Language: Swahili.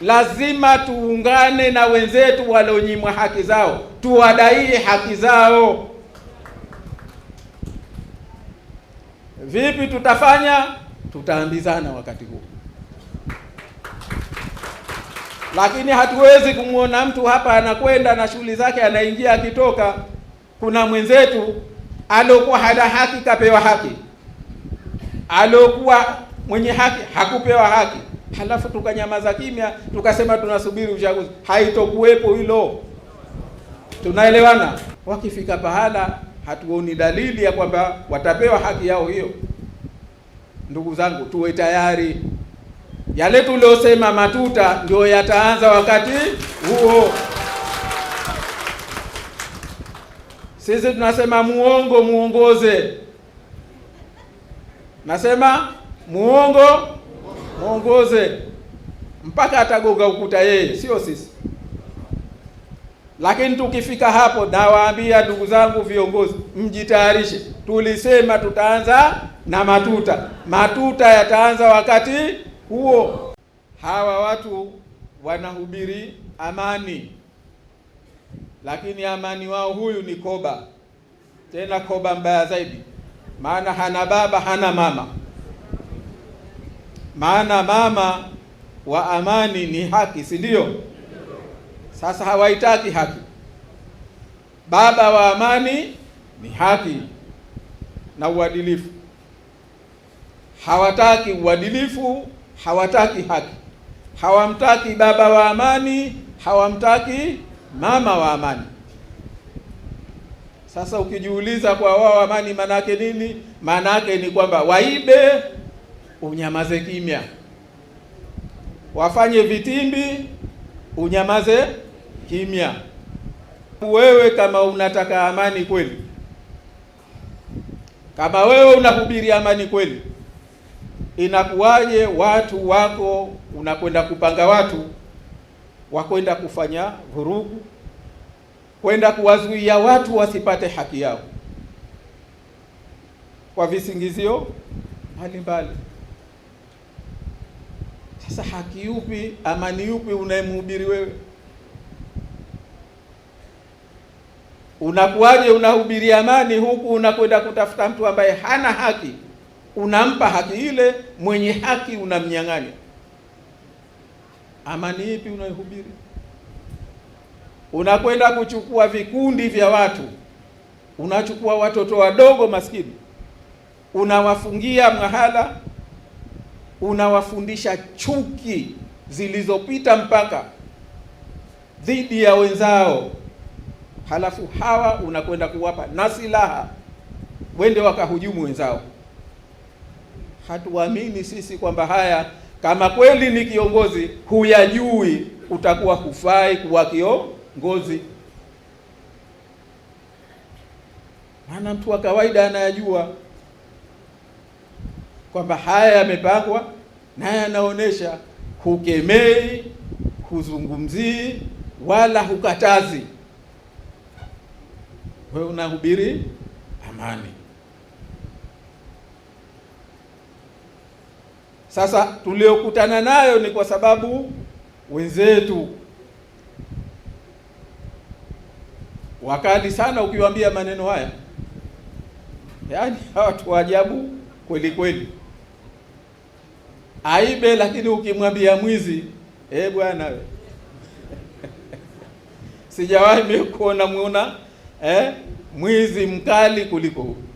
lazima tuungane na wenzetu walionyimwa haki zao, tuwadaie haki zao. Vipi tutafanya? Tutaambizana wakati huu, lakini hatuwezi kumwona mtu hapa anakwenda na shughuli zake, anaingia akitoka. Kuna mwenzetu aliokuwa hana haki kapewa haki, aliokuwa mwenye haki hakupewa haki halafu tukanyamaza kimya, tukasema tunasubiri uchaguzi, haitokuwepo hilo. Tunaelewana? Wakifika pahala hatuoni dalili ya kwamba watapewa haki yao hiyo, ndugu zangu, tuwe tayari. Yale tuliosema matuta ndio yataanza wakati huo. Sisi tunasema muongo muongoze, nasema muongo mwongoze mpaka atagonga ukuta yeye, sio sisi. Lakini tukifika hapo, nawaambia ndugu zangu viongozi, mjitayarishe. Tulisema tutaanza na matuta, matuta yataanza wakati huo. Hawa watu wanahubiri amani, lakini amani wao huyu ni koba, tena koba mbaya zaidi, maana hana baba hana mama maana mama wa amani ni haki, si ndio? Sasa hawaitaki haki. Baba wa amani ni haki na uadilifu. Hawataki uadilifu, hawataki haki, hawamtaki baba wa amani, hawamtaki mama wa amani. Sasa ukijiuliza, kwa wao amani maana yake nini? Maana yake ni kwamba waibe unyamaze kimya, wafanye vitimbi, unyamaze kimya. Wewe kama unataka amani kweli, kama wewe unahubiri amani kweli, inakuwaje watu wako unakwenda kupanga watu wakwenda kufanya vurugu, kwenda kuwazuia watu wasipate haki yao kwa visingizio mbalimbali. Sasa haki yupi, amani yupi unayemhubiri wewe? Unakuwaje unahubiri amani huku unakwenda kutafuta mtu ambaye hana haki? Unampa haki ile, mwenye haki unamnyang'anya. Amani ipi unayohubiri? Unakwenda kuchukua vikundi vya watu, unachukua watoto wadogo maskini, unawafungia mahala unawafundisha chuki zilizopita mpaka dhidi ya wenzao, halafu hawa unakwenda kuwapa na silaha wende wakahujumu wenzao. Hatuamini sisi kwamba haya, kama kweli ni kiongozi huyajui, utakuwa hufai kuwa kiongozi. Maana mtu wa kawaida anayajua kwamba haya yamepangwa na anaonyesha hukemei, huzungumzii wala hukatazi. we unahubiri amani. Sasa tuliokutana nayo ni kwa sababu wenzetu wakali sana, ukiwaambia maneno haya, yaani hawa watu wa ajabu kweli kweli aibe, lakini ukimwambia mwizi, eh bwana we sijawahi mimi kuona muona eh, mwizi mkali kuliko huyu.